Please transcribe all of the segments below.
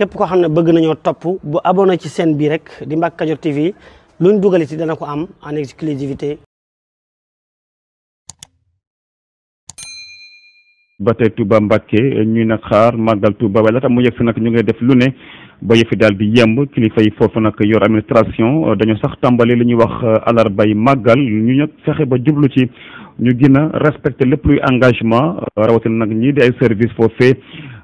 képp koo xam ne bëgg nañoo topp bu abonné ci chaîne bi rek di Mbacke Kadior TV luñ dugal ci dana ko am en exclusivité ba tey Touba Mbacke ñuy nag xaar màggal Touba waaye laata mu yegg si nag ñu ngay def lu ne ba yëfi daal di yemb kilifa yi foofu nag yor administration dañoo sax tàmbali li ñuy wax euh, bay màggal ñu nag fexe ba jublu ci ñu gën a respecté lépp engagement euh, rawatina nag ñii di ay service foofee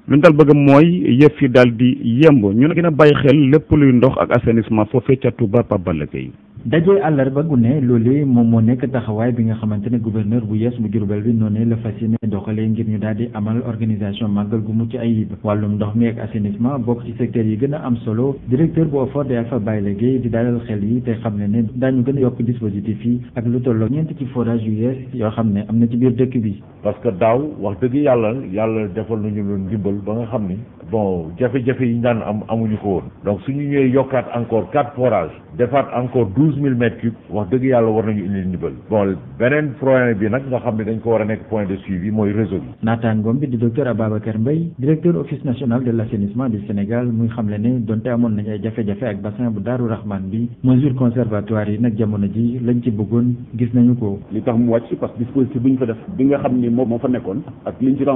lu ñu daal bëgg mooy yëf yi daal di yemb ñu ne gën a bàyyi xel lépp luy ndox ak assainissement foofee ca Touba Pape Balla Gueye dajee àllarba gu ne loolee moom moo nekk taxawaay bi nga xamante ne gouverneur bu yees bu Jurbel bi noonu la fas yéene doxalee ngir ñu daal di amal organisation màggal gu mucc ayib wàllum ndox mi ak assainissement bokk ci secteur yi gën a am solo directeur bu OFOR di Alpha Baye Guèye di dalal xel yi te xam ne ne daañu gën a yokk dispositif yi ak lu tolloo ñeent ci forage yu yees yoo xam ne am na ci biir dëkk bi. parce que daaw wax dëgg yàlla yàlla defal nañu loon ndimbal ba nga xam ni bon jafe yi ñu daan am amuñu ko woon suñu ñëwee yokkaat encore quatre forages defaat encore douze mille mètres cubes wax dëgg yàlla war nañu indi ndimbal bon beneen problème bi nag nga xam ne dañ ko war a nekk point de suivi mooy réseau bi. naataangoom bi di docteur Ababacar Mbaye directeur office national de l' assainissement du Sénégal muy xamle ne donte amoon nañ ay jafe-jafe ak bassin bu Daaru Rahman bi mesure conservatoire yi nag jamono ji lañ ci bëggoon gis nañu ko. li tax mu wàcc parce que dispositif bi ñu fa def bi nga xam moo fa nekkoon ak li ñu yi nga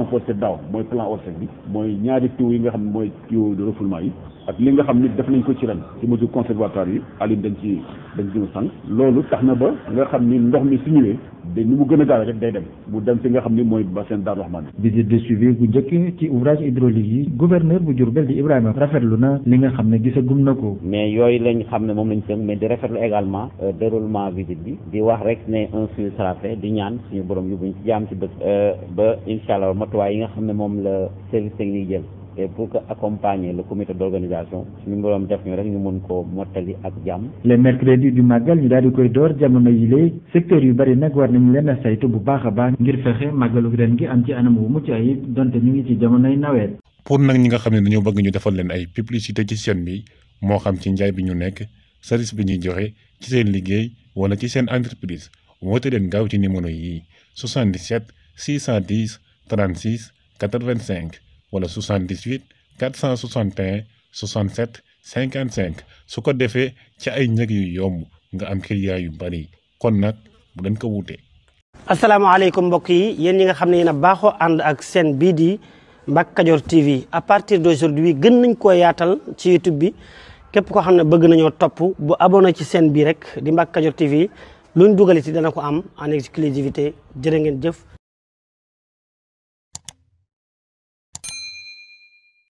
xam ne mooy li nga xam ni def nañ ko ci ren mbalit dañ ci dañ loolu tax na ba nga xam ni ndox mi su ñëwee da ni mu gën a gaaw rek day dem mu dem fi nga xam ni mooy bassin Darou Rahmane visite de suivi bu jëkk ci ouvrage hydraulique yi gouverneur bu Diourbel di Ibrahima rafet lu na li nga xam ne gisagum na ko mais yooyu lañ xam ne moom lañ tënk mais di rafetlu également euh, déroulement visite bi di wax rek ne un suivi sera di ñaan suñu borom yóbbuñ ci jaam ci dëkk euh, ba incha allah matuwaay yi nga xam ne moom la service technique jël et pour que accompagner la comité d'organisation suñu borom def ñu rek ñu mën koo mottali ak jàmm. le mercredi du màggal ñu daal di koy door jamono yi lay secteur yu bari nag war nañu leen saytu bu baax a baax ngir fexe màggalu ren gi am ci anam wu mucc ayib donte ñu ngi ci jamonoy nawet. pour nag ñi nga xam ne dañoo bëgg ñu defal leen ay publicité ci seen bi moo xam ci njaay bi ñu nekk service bi ñuy joxe ci seen liggéey wala ci seen entreprise woote leen gaaw ci numéro yi 77 610 36 85. wala 78 461 67 55 su ko defee ci ay njëg yu yomb nga am client yu bari kon nag bu leen ko wuute. asalaamaaleykum mbokk yi yéen yi nga xam ne yéen na baaxoo ànd ak seen bii di Mbacke Kadior TV à partir d'aujourd'hui gën nañ koo yaatal ci YouTube bi képp koo xam ne bëgg nañoo topp bu abonné ci seen bii rek di Mbacke Kadior TV luñ dugal ci dana ko am en exclusivité jërë ngeen jëf.